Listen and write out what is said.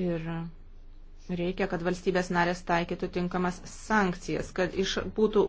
Ir reikia, kad valstybės narės taikytų tinkamas sankcijas, kad iš, būtų